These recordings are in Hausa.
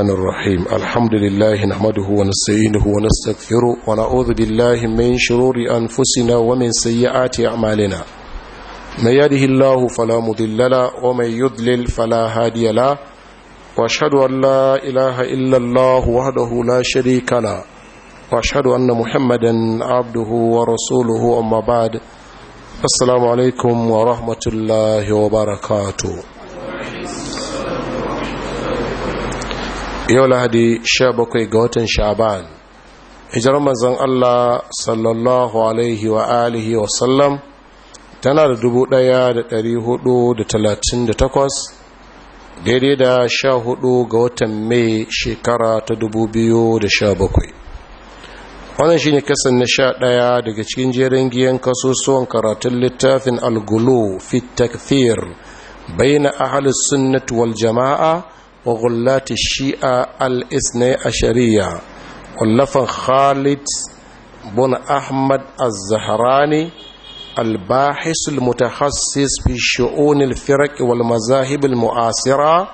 الرحمن الرحيم الحمد لله نحمده ونستعينه ونستغفره ونعوذ بالله من شرور أنفسنا ومن سيئات أعمالنا من يده الله فلا مضل له ومن يضلل فلا هادي له واشهد أن لا إله إلا الله وحده لا شريك له واشهد أن محمدا عبده ورسوله أما بعد السلام عليكم ورحمة الله وبركاته yau lahadi 17 ga watan sha'ban hijirar manzon Allah sallallahu alaihi wa alihi wa sallam tana da takwas daidai da sha 14 ga watan mai shekara ta 2017 wannan shine kasan na sha ɗaya daga cikin jerin giyan kasusuwan karatun littafin algulu fit takfir bayna ahlus sunnati wal jama'a وغلات الشيعة الاثني عشرية ولفا خالد بن أحمد الزهراني الباحث المتخصص في شؤون الفرق والمذاهب المعاصرة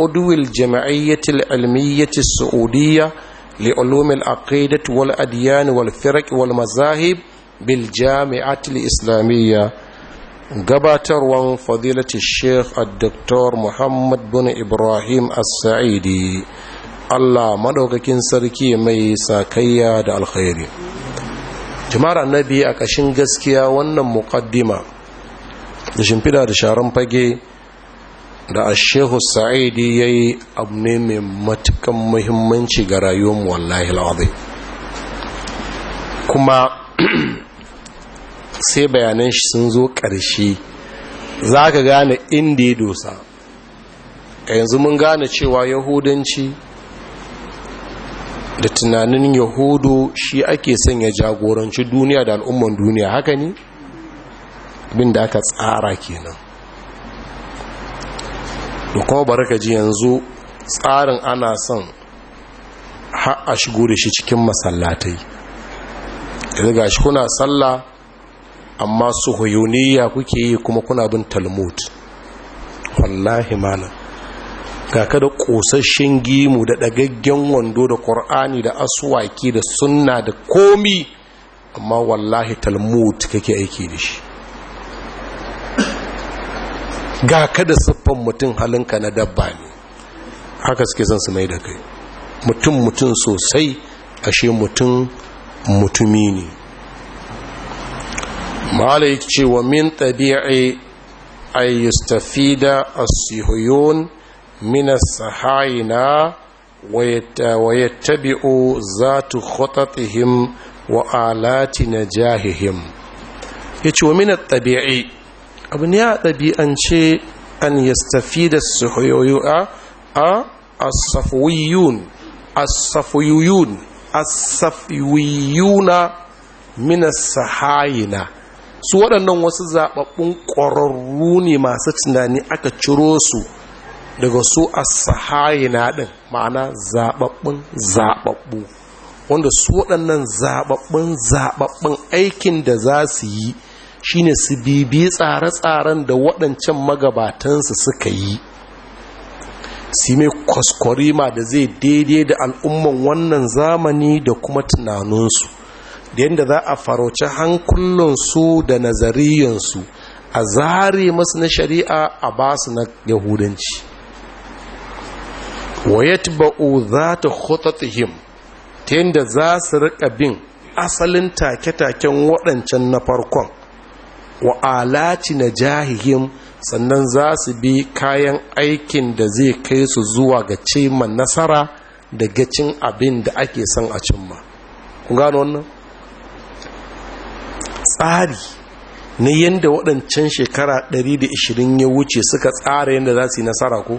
عضو الجمعية العلمية السعودية لعلوم العقيدة والأديان والفرق والمذاهب بالجامعة الإسلامية gabatarwan fadilati sheikh al-doktor muhammad bin ibrahim as-sa'idi allah maɗaukakin sarki mai sakayya da alkhairi jama'ar annabi a kashin gaskiya wannan muƙaddima da shimfida da sharan fage da ashehu sa'idi ya yi abu ne mai matukan muhimmanci ga rayuwar wallahi al'adai kuma sai bayanan shi sun zo ƙarshe za ka gane inda ya dosa a yanzu mun gane cewa yahudanci da tunanin yahudu shi ake son ya jagoranci duniya da al'umman duniya haka ne abin da aka tsara kenan da kuma baraka ji yanzu tsarin ana son har a shigo da shi cikin masallatai zaga shi kuna sallah amma huyuniya kuke yi kuma kuna bin talmud wallahi malam ga ka da gimu da ɗagaggen wando da ƙur'ani da asuwaki da sunna da komi amma wallahi talmud kake aiki da shi ga ka siffan mutum halinka na dabba ne haka suke son su mai da kai mutum mutum sosai ashe mutum mutumi ne مالك شي ومن طبيعي أن يستفيد الصهيون من الصهاينة ويت ويتبع ذات خططهم وآلات نجاههم يتي ومن الطبيعي أبن يا طبيعي أن شيء أن يستفيد الصهيون آه، آه، الصفويون الصفويون الصفويون من الصهاينه su waɗannan wasu zaɓaɓɓun ƙwararru ne masu tunani aka ciro su daga su a sahayina ɗin ma'ana zaɓaɓɓun zaɓaɓɓu wanda su waɗannan zaɓaɓɓun zaɓaɓɓun aikin da za su yi shine su bibi tsare-tsaren da waɗancan magabatansu suka yi su mai kwaskwarima da zai daidai da al'umman wannan zamani da kuma tunaninsu da yadda za a farauci hankulunsu da nazariyansu a zare masu na shari'a a su na yahudanci wayat ba'u za ta hutatihim ta yadda za su riƙa bin asalin take-taken waɗancan na farkon wa alaci na jahihim sannan za su bi kayan aikin da zai kai su zuwa ga cimma nasara da gacin abin da ake son a cimma ku wannan tsari na yadda waɗancan shekara 120 ya wuce suka tsara yadda za su yi nasara ko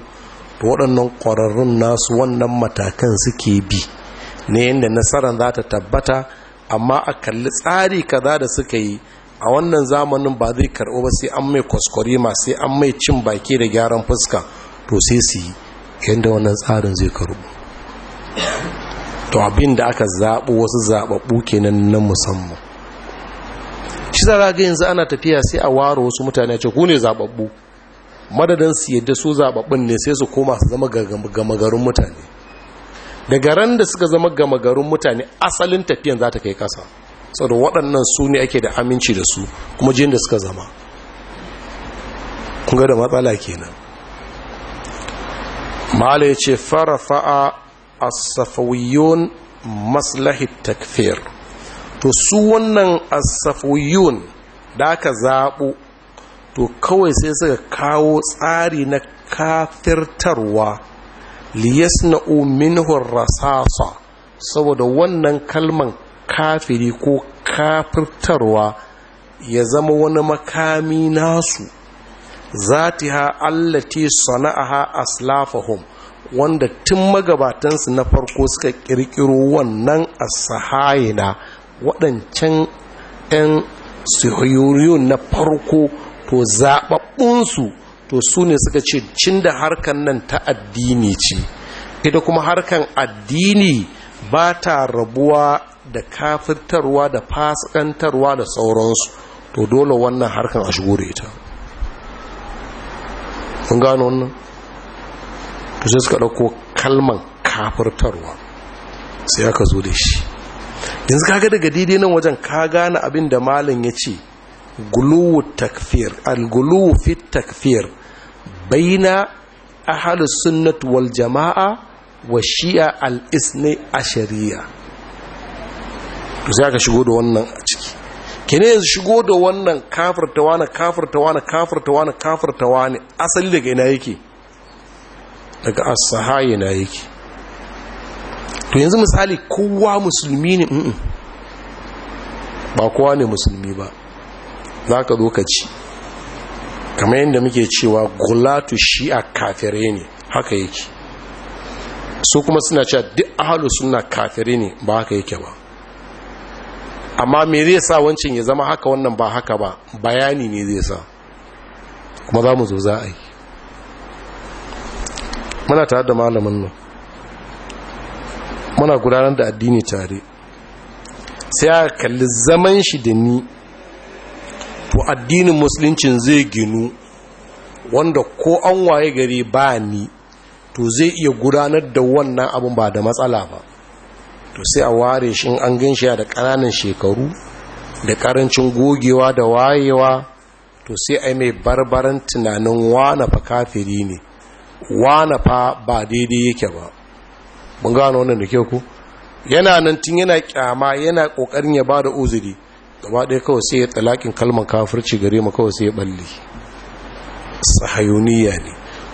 to waɗannan ƙwararrun nasu wannan matakan suke bi na yadda nasarar za ta tabbata amma a kalli tsari kaza da suka yi a wannan zamanin ba zai karɓo ba sai an mai ma sai an mai cin baki da gyaran fuska to sai su yi yadda wannan tsarin zai karɓo to abin da aka zaɓo wasu zaɓaɓɓu kenan na musamman shi za ga yanzu ana tafiya sai a ware wasu mutane ce ku ne zababbu madadin su yadda su zababbun ne sai su koma su zama gama garin mutane daga ran da suka zama gamagarin mutane asalin tafiyan za ta kai kasa da waɗannan su ne ake da aminci da su kuma jin da suka zama kun da matsala kenan mala ya ce farafa'a a safawiyyun maslahi takfir to su wannan asafoyon da aka zaɓo to kawai sai suka kawo tsari na kafirtarwa liyas na minhu rasasa saboda wannan kalman kafiri ko kafirtarwa ya zama wani makami nasu zatiha allati sana'aha aslafahum wanda tun magabatansu na farko suka kirkiro wannan asahayina waɗancan 'yan sihiriyun na farko to zaɓaɓɓunsu to su ne suka ce cin da harkan nan ta addini ce ita kuma harkar addini ba ta rabuwa da kafirtarwa da fasikantarwa da sauransu to dole wannan harkan a shigo da ita kun gano wannan to sai suka ɗauko kalman kafirtarwa sai aka zo da shi yanzu kaga daga daidai nan wajen ka gane abin da malin ya ce guluwu takfir al-guluwu fi takfir baina ahlus sunnat wal jama'a wa shi'a al-isni ashariya to sai aka shigo da wannan a ciki kene yanzu shigo da wannan kafirtawa na kafirtawa na kafirtawa na kafirtawa ne asali daga ina yake daga as na yake to yanzu misali kowa musulmi ne ba kowa ne musulmi ba za ka lokaci kamar yadda muke cewa gulatu a kafirai ne haka yake So kuma suna cewa duk ahalu suna kafirai ne ba haka yake ba amma me zai sa wancan ya zama haka wannan ba haka ba bayani ne zai sa kuma za mu zo za a yi muna tare da malamin nan muna gudanar da addini tare sai aka kalli zaman shi da ni to addinin musuluncin zai ginu wanda ko an waye gari ba ni to zai iya gudanar da wannan abin ba da matsala ba to sai a ware shi an gan shi da ƙananan shekaru da ƙarancin gogewa da wayewa to sai a yi mai barbaran tunanin wane fa kafiri ne wane fa ba daidai yake ba mun gano wannan da ke ku yana nan tun yana kyama yana kokarin ya bada uzuri gaba ɗaya kawai sai ya talakin kalmar kafirci gare mu kawai sai ya balle sahayuniya ne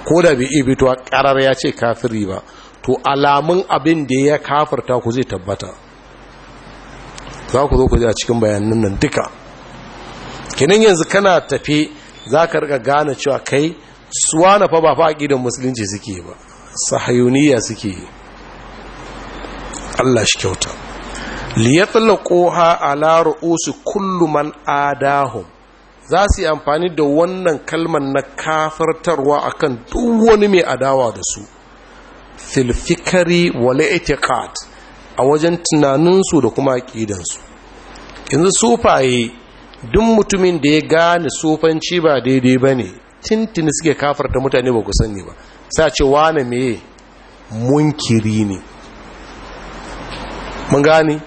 ko da bai iya fitowa karar ya ce kafiri ba to alamun abin da ya kafirta ku zai tabbata za ku zo ku ji a cikin bayanan nan duka kinin yanzu kana tafi za ka riga gane cewa kai suwa na fa ba fa aƙidan musulunci suke ba sahayuniya suke yi Allah shi kyauta liyatlaqoha ala osu kullu man adahum za su yi amfani da wannan kalman na kafartarwa akan duk wani mai adawa da su filfikari wale wal a wajen tunaninsu da kuma aqidansu yanzu sufaye duk mutumin da ya gane sufanci ba daidai ba ne, tintini suke kafarta mutane ba ku sani ba sa ce wane meye munkiri ne mun gane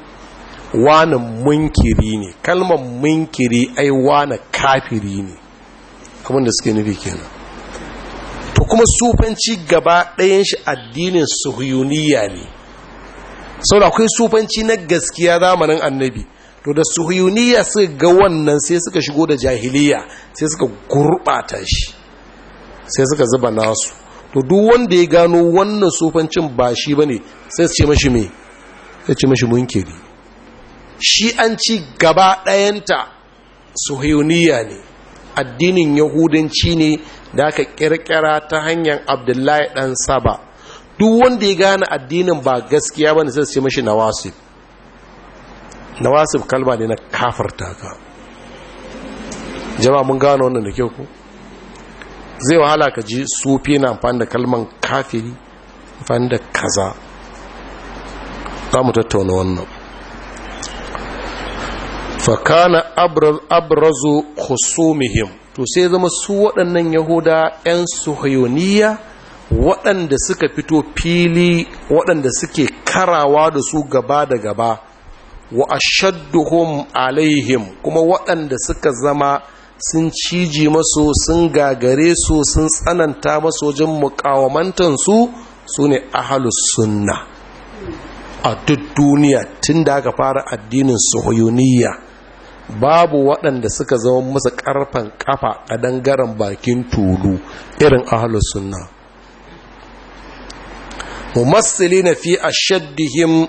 wani munkiri ne kalmar munkiri ai wani kafiri ne abinda suke nufi kenan to kuma sufanci gaba ɗayan shi addinin suhuyuniya ne sau da akwai sufanci na gaskiya zamanin annabi to da suhuyuniya suka ga wannan sai suka shigo da jahiliya sai suka gurɓata shi sai suka zuba nasu to duk wanda ya gano wannan sufancin ba shi ba ne sai su ce mashi mai ya ce mashi munkiri shi an ci gaba ɗayanta suhiyoniya ne addinin yahudanci ne da aka kirkira ta hanyar abdullahi ɗan saba duk wanda ya gane addinin ba gaskiya ba ne sai ce mashi nawasib nawasib kalma ne na kafarta ka jama mun gano wannan da kyau ku zai wahala ka ji sufi na amfani da kalman kafiri amfani da kaza za mu tattauna wannan fakana abrazu khusumihim to sai zama su waɗannan yahuda 'yan suhayoniya waɗanda suka fito fili waɗanda suke karawa da su gaba da gaba wa ashadduhum alaihim kuma waɗanda suka zama sun ciji masu sun gagare su sun tsananta masu wajen mukawamantansu su ne ahalus sunna a duk duniya tun da aka fara addinin suhuyuniya babu waɗanda suka zama musu ƙarfan ƙafa a dangaren bakin tulu irin ahalus sunna mumassili na fi a shaddihim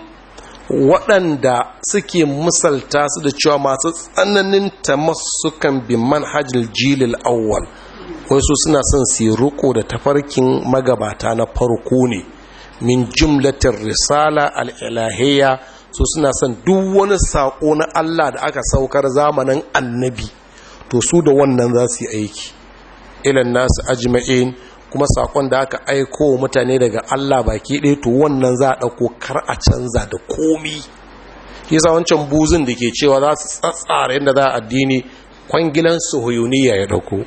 waɗanda suke musalta su da cewa masu tsananin ta tamassukan bi manhajil jilil awwal wai su suna son su yi da tafarkin magabata na farko ne min jumlatin risala al'ilahiyya su suna son duk wani saƙo na Allah da aka saukar zamanin annabi to su da wannan za su yi aiki ilan nasu ajima'in kuma saƙon da aka aiko mutane daga Allah baki ɗaya to wannan za a ɗauko kar a canza da komi kisa wancan buzin da ke cewa za su tsatsara yadda za a addini kwangilan suhuyuniya ya ɗauko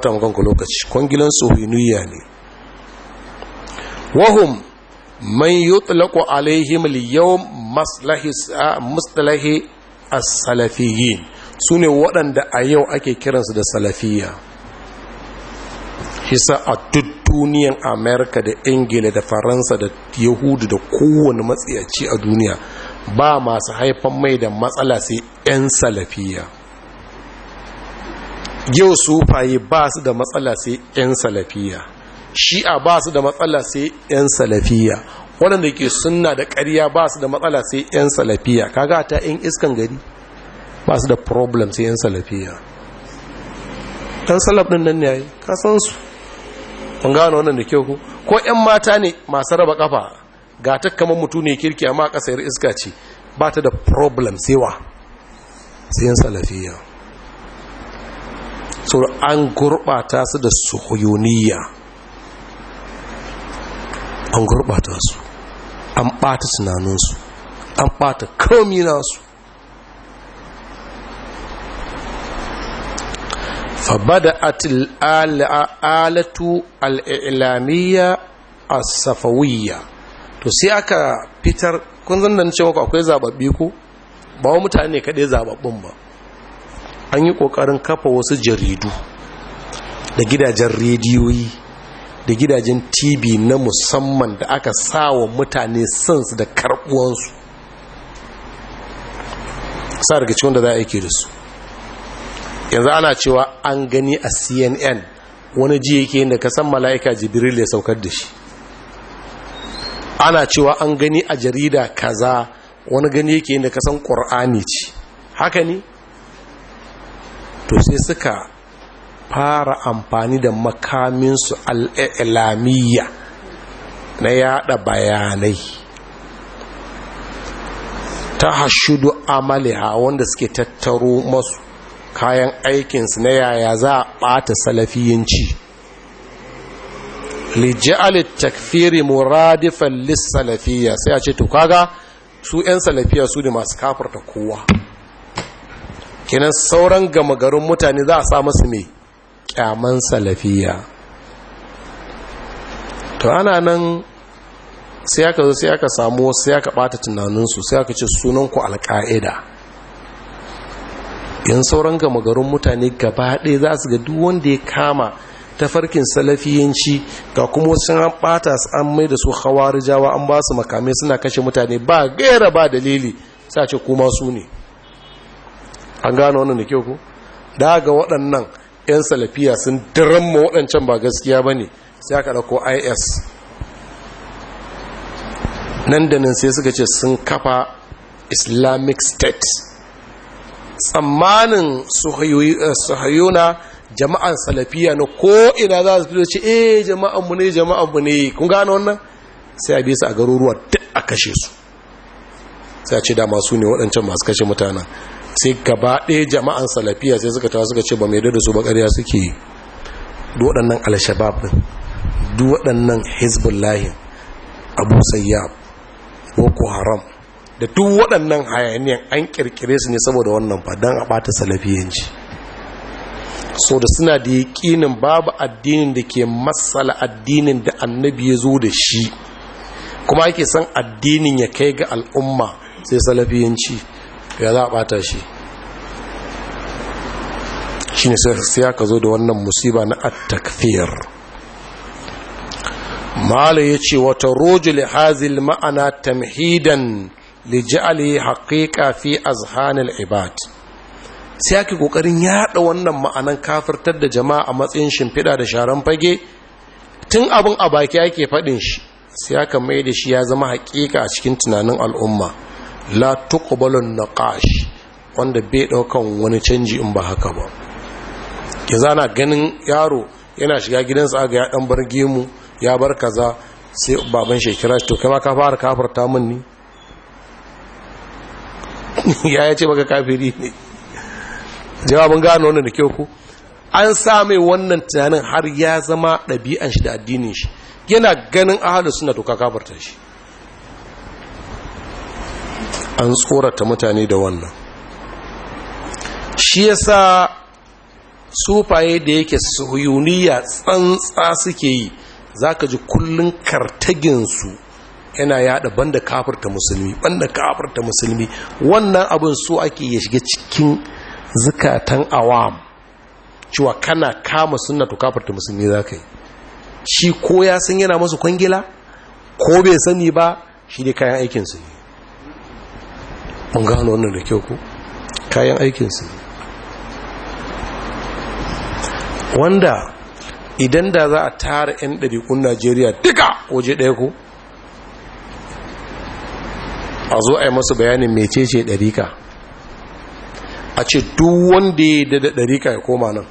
ta lokaci kwangilan suhuyuniya ne wahum man yutlaqu alaihim al-yawm maslahi as-salafiyyin sune waɗanda a yau ake kiransu da salafiyya hisa a duk duniyan amerika da ingila da faransa da yahudu da kowane matsiyaci a duniya ba masu haifan mai da matsala sai 'yan salafiya yau sufaye ba su da matsala sai 'yan salafiya shi'a ba su da matsala sai 'yan salafiya wadanda ke suna da ƙarya ba su da matsala sai 'yan salafiya kaga ta 'yan iskan gari ba su da problem sai 'yan salafiya ɗan salaf ɗin nan yayi ka san su kun gano wannan da kyau ko 'yan mata ne masu raba kafa ga ta kamar mutu ne kirki amma ƙasar iska ce ba ta da problem sai wa sai 'yan salafiya so an gurɓata su da suhuyuniya an gurbata su an ɓata tunaninsu an ɓata komi nasu فبدأت al'ilamiyya a safawiyya to sai aka fitar kun zan nace maka akwai zababbi ko ba wa mutane kaɗai zababbin ba an yi ƙoƙarin kafa wasu jaridu da gidajen rediyoyi da gidajen tv na musamman da aka sawa mutane sansu da karbuwansu sa daga cikin da za a yake da su yanzu ana cewa an gani a cnn wani ji yake da kasan mala'ika jibril ya saukar da shi ana cewa an gani a jarida kaza wani gani yake da kasan san ƙor'ani ce haka ne to sai suka fara amfani da makaminsu al'ilamiyya na yada bayanai ta hashudu amaliha wanda suke tattaro masu kayan aikinsu na yaya za a ɓata salafiyanci lijiyar takfiri muradifan salafiya sai a ce to su 'yan salafiya su ne masu kafarta kowa kinan sauran gama garin mutane za a sa masu mai kyaman salafiya to ana nan sai aka zo sai aka samu wasu sai aka bata tunaninsu sai aka ce ku alka'ida yan sauran gama garin mutane gaba ɗaya za su ga duk wanda ya kama ta farkin salafiyanci ga kuma wasu an bata su an mai da su hawarijawa an ba su makamai suna kashe mutane ba gaira ba dalili sai a ce kuma su ne an gano wannan da kyau ku da waɗannan 'yan salafiya sun mu waɗancan ba gaskiya ba ne sai aka ɗauko is nan da nan sai suka ce sun kafa islamic state tsammanin suhayuna eh, jama'an salafiya na ko'ina za su fito ce eh jama'anmu ne jama'anmu ne kun gane wannan sai a bisa a garuruwa duk a kashe su sai a ce dama su ne waɗancan masu kashe mutanen sai gaba ɗaya jama'an salafiya sai suka tawa suka ce ba mai da su ba ƙarya suke yi waɗannan al-shabab ɗin waɗannan hezbollah abu sayyab boko haram da duk waɗannan hayaniyan an kirkire su ne saboda wannan ba don a ɓata salafiyanci so da suna da ƙinin babu addinin da ke matsala addinin da annabi ya zo da shi kuma ake san addinin ya kai ga al'umma sai salafiyanci ya za a bata shi shi ne sai ka zo da wannan musiba na attakfir mala ya ce wata rojul hazil ma'ana tamhidan lijali haƙiƙa fi azhanil ibad sai ake ƙoƙarin yaɗa wannan ma'anan kafirtar da jama'a a matsayin shimfiɗa da sharan fage tun abin a baki ake faɗin shi sai aka mai da shi ya zama haƙiƙa a cikin tunanin al'umma la tuqbalun naqash wanda bai daukan wani canji in ba haka ba ki zana ganin yaro yana shiga gidansa aga ya dan bar gemu ya bar kaza sai baban shi kira shi to kai ma ka fara kafirta min ni ya yace baka kafiri ne jawabin gano wannan da kyau ku an sa mai wannan tunanin har ya zama ɗabi'an shi da addinin shi yana ganin ahalus suna to ka kafirta shi an tsorata mutane da wannan shi yasa sufaye da yake suyuniya tsantsa suke yi zaka ji kullun kartaginsu yana yada banda kafirta musulmi banda kafirta musulmi wannan abin su ake ya shiga cikin zukatan awam cewa kana kama sunna to kafirta musulmi zaka yi shi ko ya san yana masu kwangila ko bai sani ba shi dai kayan aikinsu ne mun gano wannan da kyau ku kayan aikinsu wanda idan da za a tara 'yan ɗariƙun najeriya duka waje ɗaya ku a zo a yi masu bayanin mecece ɗariƙa a ce duk wanda ya dada ɗariƙa ya koma nan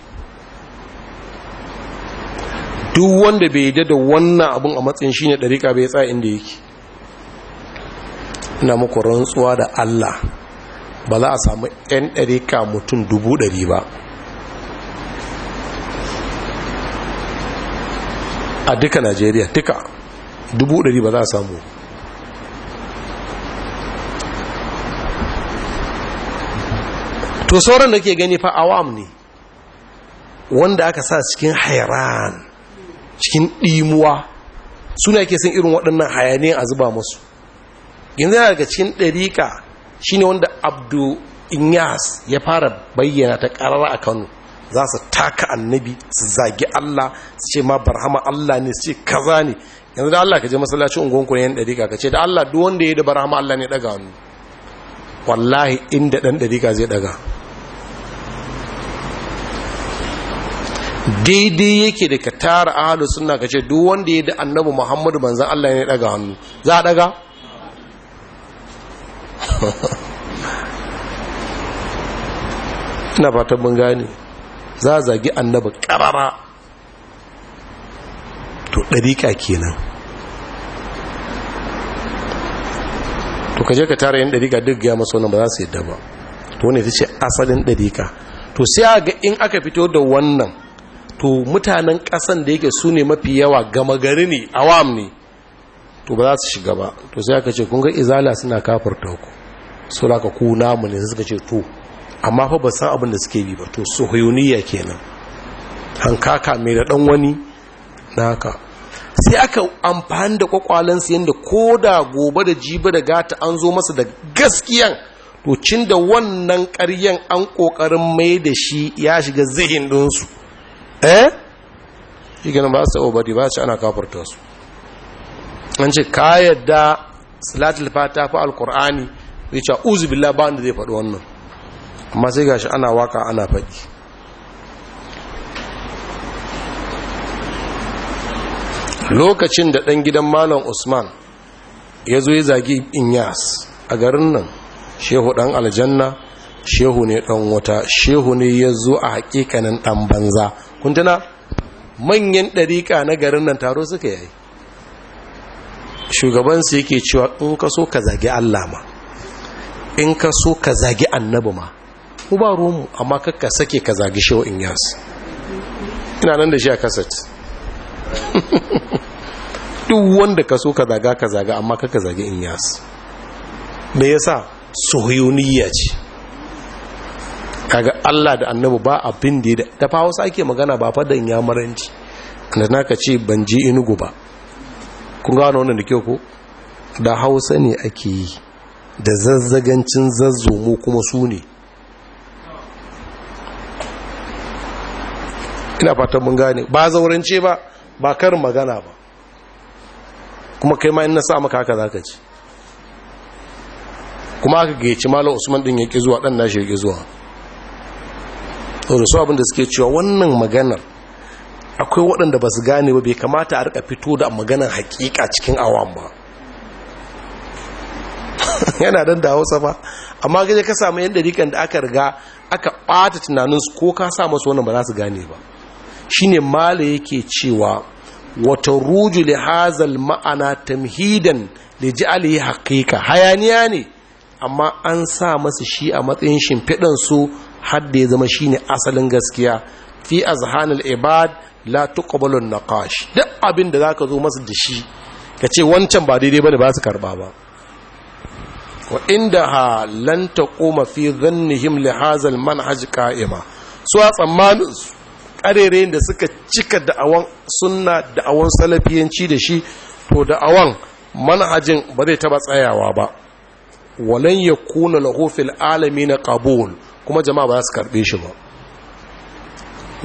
duk wanda bai dada wannan abin a matsayin shi ne ɗariƙa bai tsa inda yake ina muku rantsuwa da Allah ba za a samu 'yan ka mutum dubu ɗari ba a duka najeriya duka dubu ɗari ba za a samu to sauran da ke gani fa awam ne wanda aka sa cikin hairan cikin ɗimuwa suna ke sun irin waɗannan hayaniyar a zuba musu yanzu yana daga cikin ɗariƙa ne wanda abdu inyas ya fara bayyana ta ƙarar a kano za su taka annabi su zagi allah su ce ma barhama allah ne su ce kaza ne yanzu da allah ka je masallacin unguwanku ne yan ɗariƙa ka ce da allah duk wanda ya yi da barhama allah ne ɗaga hannu wallahi inda ɗan ɗariƙa zai ɗaga daidai yake da ka tara ahalu suna ka ce duk wanda ya yi da annabi muhammadu banzan allah ne ɗaga hannu za a ɗaga ina fatan mun gane za a zagi annaba karara to ɗariƙa kenan to kaje ka tara yin ɗariƙa duk gaya maso nan ba za su yadda ba to wani ta ce asalin ɗariƙa to sai ga in aka fito da wannan to mutanen ƙasan da yake su ne mafi yawa gama gari ne awam ne to ba za su shiga ba to sai aka ce kun izala suna kafarta ku so da ku namu ne suka ce to amma fa ba san abin da suke bi ba to hayuniya kenan hankaka mai da dan wani naka. sai aka amfani da kwakwalensu yadda ko da gobe da jiba da gata an zo masa da gaskiya to cin da wannan karyan an ƙoƙarin mai da shi ya shiga zihin ɗinsu eh shi ganin ba su obadi ba su ana kafarta su an ce ka yadda salatul fata fa alkur'ani zai ce uzu billah ba wanda zai faɗi wannan amma sai gashi ana waka ana faɗi lokacin da ɗan gidan malam usman ya zo ya zagi inyas a garin nan shehu ɗan aljanna shehu ne ɗan wata shehu ne ya zo a hakikanin ɗan banza kuntuna manyan ɗariƙa na garin nan taro suka yayi shugabansu yake cewa in ka so ka zagi allah ma in ka so ka zagi annabi ma ku ba romu amma kakka sake ka zagi shi in yasu ina nan da shi a kasat duk wanda ka so ka zaga ka zaga amma kakka zagi in yas me yasa suhuyuniya ce kaga Allah da annabi ba abin da ya da fa wasu ake magana ba fa da yamaranci da naka ce ban je inugu ba kun gano wannan da kyau ko da hausa ne ake yi da zazzagancin zazzomo kuma su ne ina fatan mun gane ba zaurance ba ba karin magana ba kuma kai ma in na sa maka haka zaka ci kuma aka gayyaci malam usman din yake zuwa dan nashi yake zuwa to su abin da suke cewa wannan maganar akwai waɗanda ba su gane ba bai kamata a rika fito da maganar hakika cikin awam ba yana dan da hausa ba amma gaje ka samu yan dariƙan da aka riga aka ɓata tunaninsu ko ka sa masu wannan ba za su gane ba shine mala yake cewa wata ruju li hazal ma'ana tamhidan li yi haqiqa hayaniya ne amma an sa masa shi a matsayin shimfiɗan su har ya zama shine asalin gaskiya fi azhanil ibad la tuqbalu naqash duk abin da zaka zo masa da shi kace wancan ba daidai bane ba su karba ba wa inda ha lan taquma fi dhannihim li hazal manhaj qa'ima su a tsammanin karerayen da suka cika da'awan sunna da'awan salafiyanci da shi to da'awan manhajin ba zai taba tsayawa ba walan yakuna lahu fil alamin qabul kuma jama'a ba su karbe shi ba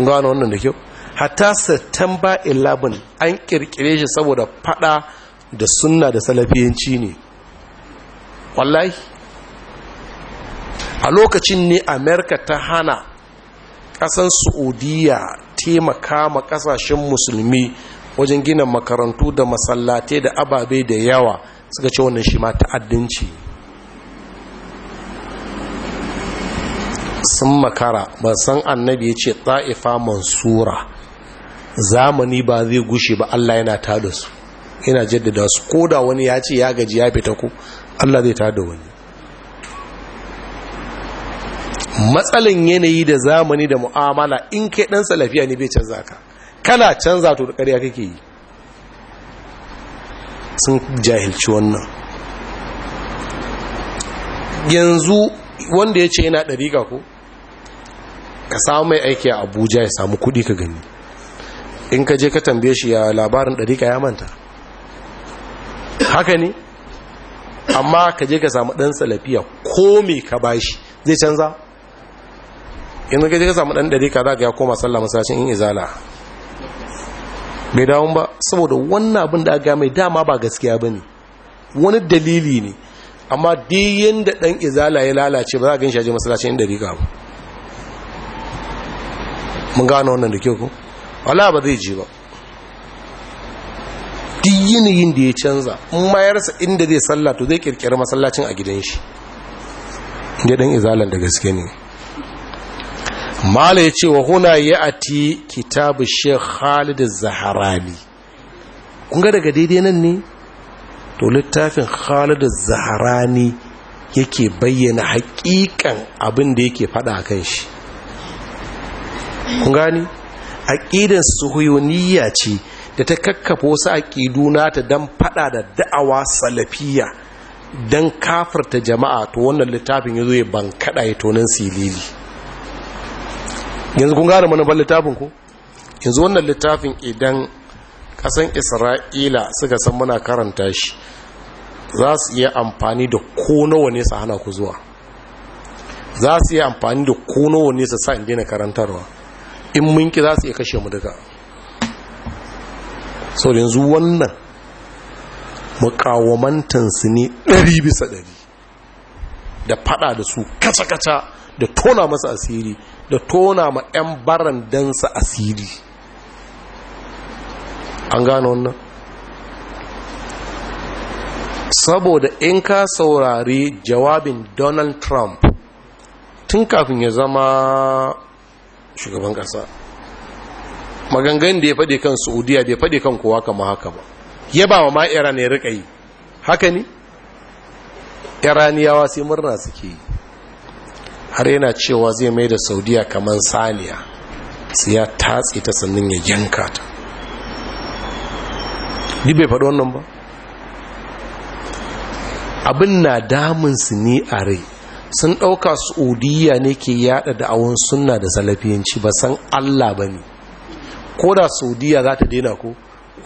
gano wannan da kyau hatta satamba 11 an ƙirƙire shi saboda faɗa da sunna da salafiyanci ne wallahi a lokacin ne amerika ta hana ƙasan saudiya taimaka ma ƙasashen musulmi wajen gina makarantu da masallatai da ababe da yawa suka ce wannan shi ma ta'addanci sun makara ba san annabi ya ce ta'ifa mansura zamani ba zai gushe ba allah yana tada su yana jaddada su ko da wani ya ce ya gaji ya fita ku Allah zai tada wani matsalin yanayi da zamani da mu'amala in kai dan salafiya ne bai canza ka kana canza to da ƙarya kake yi sun jahilci wannan yanzu wanda ya ce yana ɗariƙa ko ka samu mai aiki a abuja ya samu kuɗi ka gani in ka je ka tambaye shi ya labarin ɗariƙa ya manta haka ne amma ka je ka samu ɗan salafiya ko me ka bashi zai canza yanzu ka je ka samu ɗan ɗari ka za ya koma sallah masashin in izala bai dawon ba saboda wannan abin da aka mai dama ba gaskiya ba ne wani dalili ne amma diyin da ɗan izala ya lalace ba za a gan masashin in inda ba mun gano wannan da kyau ku wala ba zai ji ba duk yanayin da ya canza in mayarsa inda zai salla to zai kirkiri masallacin a gidan shi inda dan izalan da gaske ne mala ya ce wa huna ya ati kitabu sheikh khalid zaharani kun ga daga daidai nan ne to littafin khalid zaharani yake bayyana hakikan abin da yake fada kan shi kun gani aqidan suhuyuniyya ce da ta kakkafa wasu aƙidu ta don fada da da'awa salafiya don kafarta jama'a to wannan littafin ya zo ya kada ya tonin silili yanzu kun gane manufar littafin ku yanzu wannan littafin idan kasan isra'ila suka san muna karanta shi za su iya amfani da ko nawa ne su hana ku zuwa za su iya amfani da ko nawa ne su sa in daina karantarwa in mun ki za su iya kashe mu duka sau da yanzu wannan makawamantansu ne ɗari bisa ɗari da fada da su kaca-kaca da tona masa asiri da tona ma 'yan barandansa asiri an gano wannan saboda in ka saurari jawabin donald trump tun kafin ya zama shugaban kasa maganganun da ya faɗi kan saudiya bai faɗi kan kowa kama haka ba yaba wa ma iran ya riƙa yi haka ne iraniyawa sai murna suke yi har yana cewa zai mai da saudiya kamar saniya su ya tatsi ta sannan ya yanka ta ni bai faɗi wannan ba abin na damunsu ne a rai sun ɗauka saudiya ne ke yada da awon sunna da salafiyanci ba san allah ba ne ko da saudiya za ta daina ko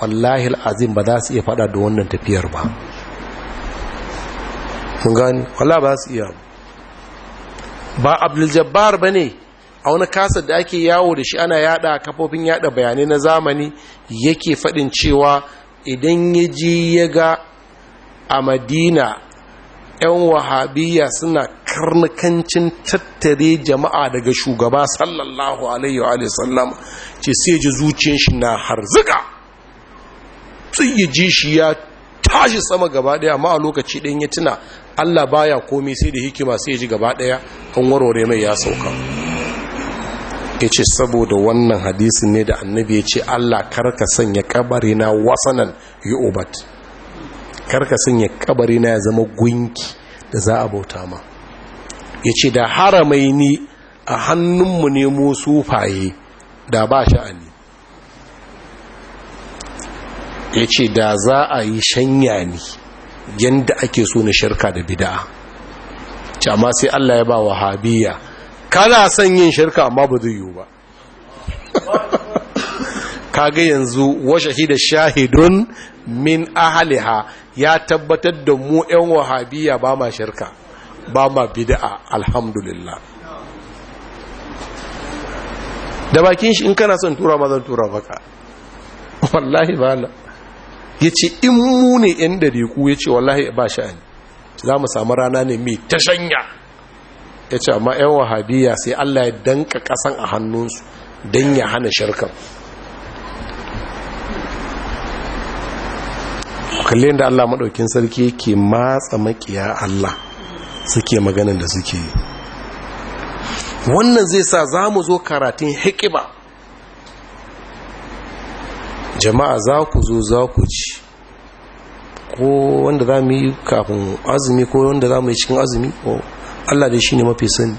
wallahi azim ba za su iya fada da wannan tafiyar ba mun gani wallahi ba su iya ba abdul-jabbar ba ne a wani kasar da ake yawo da shi ana yada kafofin yada bayanai na zamani yake fadin cewa idan ya je ya ga a madina 'yan wahabiyya suna karnakancin tattare jama'a daga shugaba sallallahu alaihi wa sallam ce sai ji zuciyar shi na harzuka sai ya ji shi ya tashi sama gaba daya ma a lokaci ɗin ya tuna allah baya komai sai da hikima sai ya ji gaba daya an warware mai ya sauka ya ce saboda wannan hadisin ne da annabi ya ce allah karka sanya kabari na wasanan yi obat karka sanya kabari na ya zama gunki da za a bauta ma ya ce da haramai ni a hannunmu ne mu sufaye da ba sha'ani ya ce da za a yi shanya ni yadda ake so na shirka da bida'a ce amma sai Allah ya ba wa habiya kana son yin shirka amma ba zai yiwu ba kaga yanzu wa shahida shahidun min ahaliha ya tabbatar da mu ƴan wahabiya ba ma shirka ba ma bid'a alhamdulillah da bakin shi in kana son tura ma zan tura baka. wallahi ba la yace in mu ne ƴan dariku yace wallahi ba sha'ani za mu samu rana ne mai tashanya yace amma ƴan wahabiya sai Allah ya danka kasan a hannunsu dan ya hana shirkan kalli da Allah maɗaukin sarki yake matsa makiya Allah suke maganin da suke yi wannan zai sa za mu zo karatun hikima jama'a za ku zo za ku ci ko wanda za mu yi kafin azumi ko wanda za mu yi cikin azumi ko Allah da shi ne mafi sani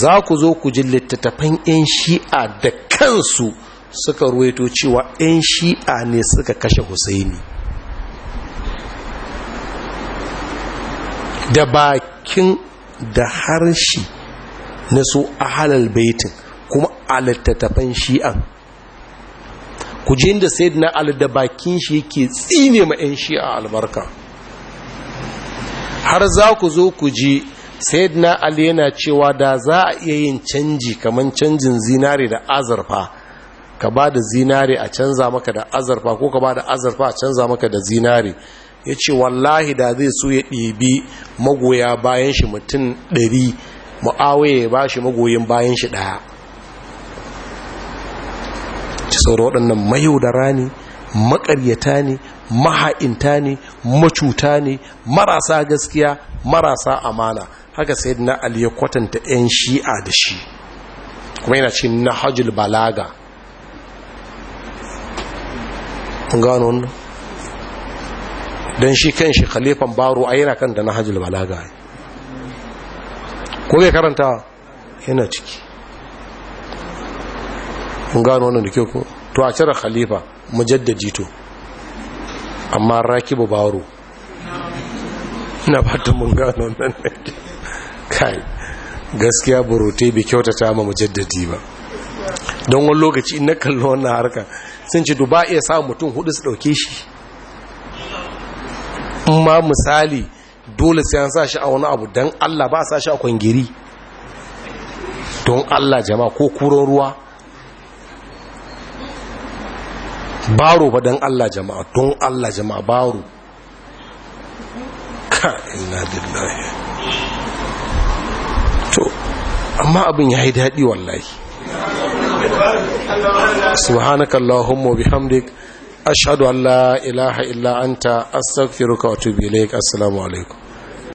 za ku zo ku ji littattafan 'yan shi'a da kansu suka ruwaito cewa 'yan shi'a ne suka kashe husaini da bakin da harshe na su halal baitin kuma alittattafan shi'an ku ji inda sayyidina na da bakin shi yake tsine ma 'yan shi'a albarka har za ku zo ku ji sayyidina ali yana cewa da za a iya yin canji kamar canjin zinare da azurfa ka ba da zinare a canza maka da azurfa ko ka ba da azurfa a canza maka da zinare ya ce wallahi da zai so ya ɗebi magoya bayan shi mutum ɗari mu'awai ya ba shi magoyin bayan shi ɗaya ci sauro waɗannan mayaudara ne makaryata ne maha'inta ne macuta ne marasa gaskiya marasa amana haka sai na ali kwatanta 'yan shi'a da shi kuma yana ce na balaga gano wannan don shi kan shi khalifan baro a yana kan da na hajjul balaga ko bai karanta yana ciki kun gano wannan da ke ku to a cire khalifa mujaddaji to amma rakibu baro na fata mun gano nan da kai gaskiya burote bai kyautata ma mujaddadi ba don wani lokaci na kallo wannan harka sun ce duba iya samun mutum hudu su dauke shi ma misali dole sai an sa shi a wani abu don allah ba a sa shi a kwangiri don allah jama'a ko kuron ruwa baro ba don allah jama'a don allah jama'a baro ka ina lillahi to amma abin ya yi daɗi wallahi subhanakallahumma bihamdik ashadu an ilaha illa anta astaghfiruka wa atubu ilaik assalamu alaikum